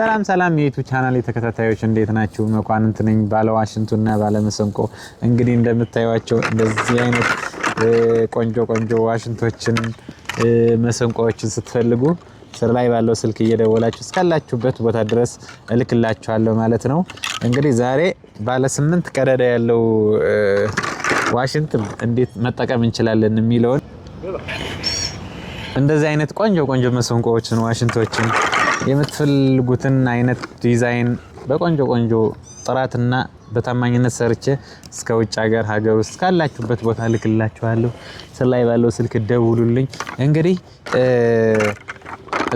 ሰላም ሰላም የዩቱብ ቻናል የተከታታዮች እንዴት ናችሁ? መኳንንት ነኝ ባለ ዋሽንቱና ባለ መሰንቆ። እንግዲህ እንደምታዩቸው እንደዚህ አይነት ቆንጆ ቆንጆ ዋሽንቶችን መሰንቆዎችን ስትፈልጉ ስር ላይ ባለው ስልክ እየደወላችሁ እስካላችሁበት ቦታ ድረስ እልክላችኋለሁ ማለት ነው። እንግዲህ ዛሬ ባለ ስምንት ቀዳዳ ያለው ዋሽንት እንዴት መጠቀም እንችላለን የሚለውን እንደዚህ አይነት ቆንጆ ቆንጆ መሰንቆዎችን ዋሽንቶችን የምትፈልጉትን አይነት ዲዛይን በቆንጆ ቆንጆ ጥራትና በታማኝነት ሰርቼ እስከ ውጭ ሀገር ሀገር ውስጥ ካላችሁበት ቦታ ልክላችኋለሁ። ስላይ ባለው ስልክ ደውሉልኝ። እንግዲህ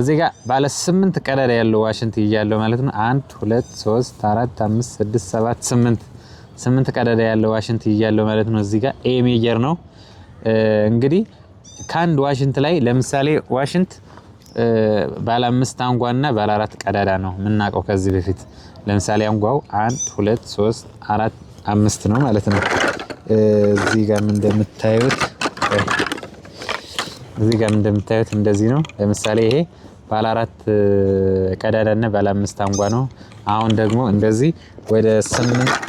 እዚህ ጋር ባለ ስምንት ቀዳዳ ያለው ዋሽንት እያለው ማለት ነው። አንድ ሁለት ሶስት አራት አምስት ስድስት ሰባት ስምንት ስምንት ቀዳዳ ያለው ዋሽንት እያለው ማለት ነው። እዚህ ጋር ኤ ሜጀር ነው። እንግዲህ ከአንድ ዋሽንት ላይ ለምሳሌ ዋሽንት ባለ አምስት አንጓና ባለ አራት ቀዳዳ ነው የምናውቀው ከዚህ በፊት ለምሳሌ አንጓው አንድ ሁለት ሶስት አራት አምስት ነው ማለት ነው። እዚህ ጋርም እንደምታዩት እዚህ ጋርም እንደምታዩት እንደዚህ ነው። ለምሳሌ ይሄ ባለ አራት ቀዳዳና ባለ አምስት አንጓ ነው። አሁን ደግሞ እንደዚህ ወደ ስምንት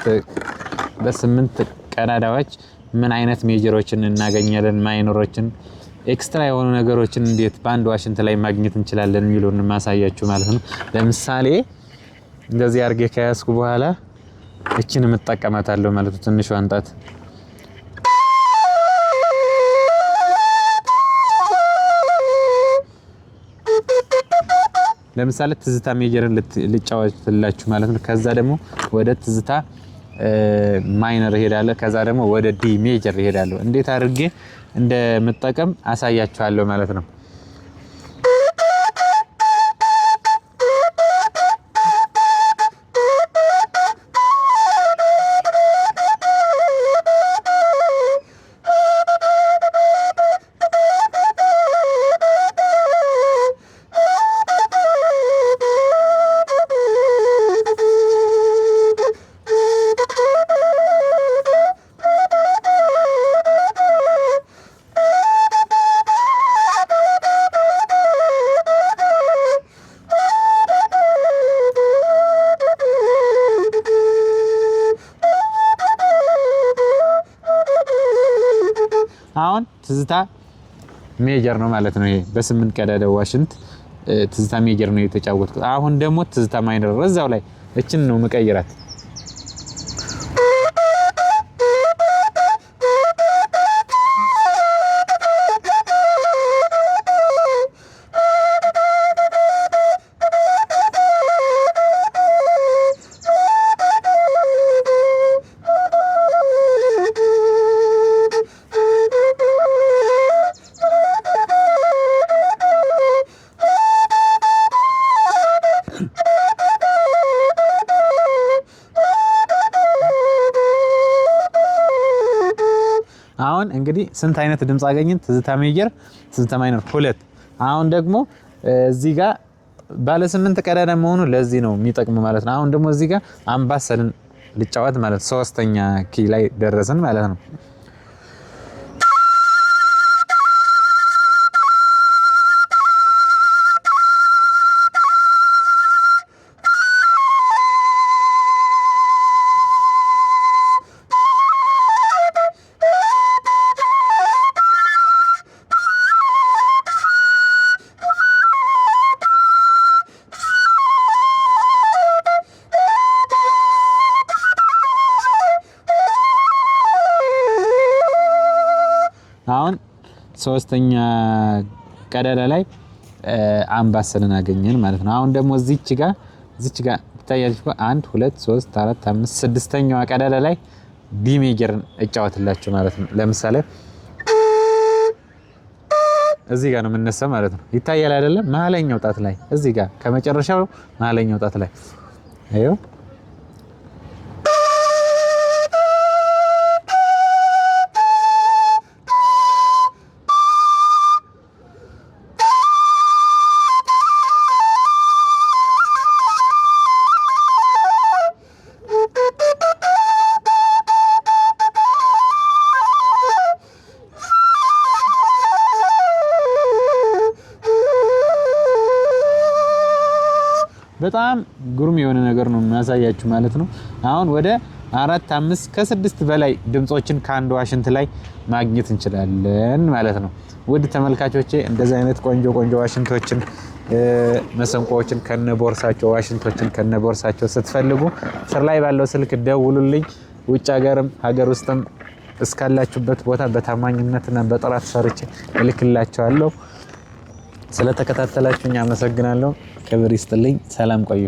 በስምንት ቀዳዳዎች ምን አይነት ሜጀሮችን እናገኛለን ማይኖሮችን ኤክስትራ የሆኑ ነገሮችን እንዴት በአንድ ዋሽንት ላይ ማግኘት እንችላለን የሚለውን ማሳያችሁ ማለት ነው። ለምሳሌ እንደዚህ አርጌ ከያዝኩ በኋላ እችን የምጠቀማታለሁ ማለት ነው። ትንሽ አንጣት ለምሳሌ ትዝታ ሜጀርን ልጫወትላችሁ ማለት ነው። ከዛ ደግሞ ወደ ትዝታ ማይነር እሄዳለሁ። ከዛ ደግሞ ወደ ዲ ሜጀር እሄዳለሁ። እንዴት አድርጌ እንደምጠቀም አሳያችኋለሁ ማለት ነው። ትዝታ ሜጀር ነው ማለት ነው። ይሄ በስምንት ቀዳዳ ዋሽንት ትዝታ ሜጀር ነው የተጫወትኩት። አሁን ደግሞ ትዝታ ማይነር እዛው ላይ እችን ነው መቀየራት አሁን እንግዲህ ስንት አይነት ድምፅ አገኘን? ትዝታ ሜጀር፣ ትዝታ ማይነር ሁለት። አሁን ደግሞ እዚህ ጋር ባለ ስምንት ቀዳዳ መሆኑ ለዚህ ነው የሚጠቅም ማለት ነው። አሁን ደግሞ እዚህ ጋር አምባሰልን ልጫወት ማለት ሶስተኛ ኪ ላይ ደረስን ማለት ነው። ሶስተኛ ቀዳዳ ላይ አምባሰልን አገኘን ማለት ነው። አሁን ደግሞ እዚች ጋር እዚች ጋር ታያችሁ። አንድ ሁለት ሶስት አራት አምስት ስድስተኛዋ ቀዳዳ ላይ ቢ ሜጀርን እጫወትላችሁ ማለት ነው። ለምሳሌ እዚህ ጋር ነው የምነሳው ማለት ነው። ይታያል አይደለም? መሀለኛው ጣት ላይ እዚህ ጋር ከመጨረሻው መሀለኛው ጣት ላይ በጣም ግሩም የሆነ ነገር ነው የሚያሳያችሁ ማለት ነው። አሁን ወደ አራት አምስት ከስድስት በላይ ድምጾችን ከአንድ ዋሽንት ላይ ማግኘት እንችላለን ማለት ነው። ውድ ተመልካቾቼ እንደዚህ አይነት ቆንጆ ቆንጆ ዋሽንቶችን መሰንቆዎችን ከነ ቦርሳቸው ዋሽንቶችን ከነ ቦርሳቸው ስትፈልጉ ስር ላይ ባለው ስልክ ደውሉልኝ። ውጭ ሀገርም ሀገር ውስጥም እስካላችሁበት ቦታ በታማኝነትና በጥራት ሰርቼ እልክላቸዋለሁ። ስለተከታተላችሁኝ አመሰግናለሁ። ክብር ይስጥልኝ። ሰላም ቆዩ።